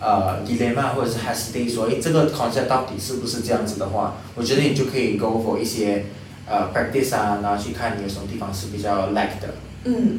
呃、uh,，dilemma 或者是 hesitate，誒，這個 concept 到底是不是這樣子的話，我覺得你就可以 go for 一些，呃、uh,，practice 啊，然後去看你有什麼地方是比較 like 的。嗯。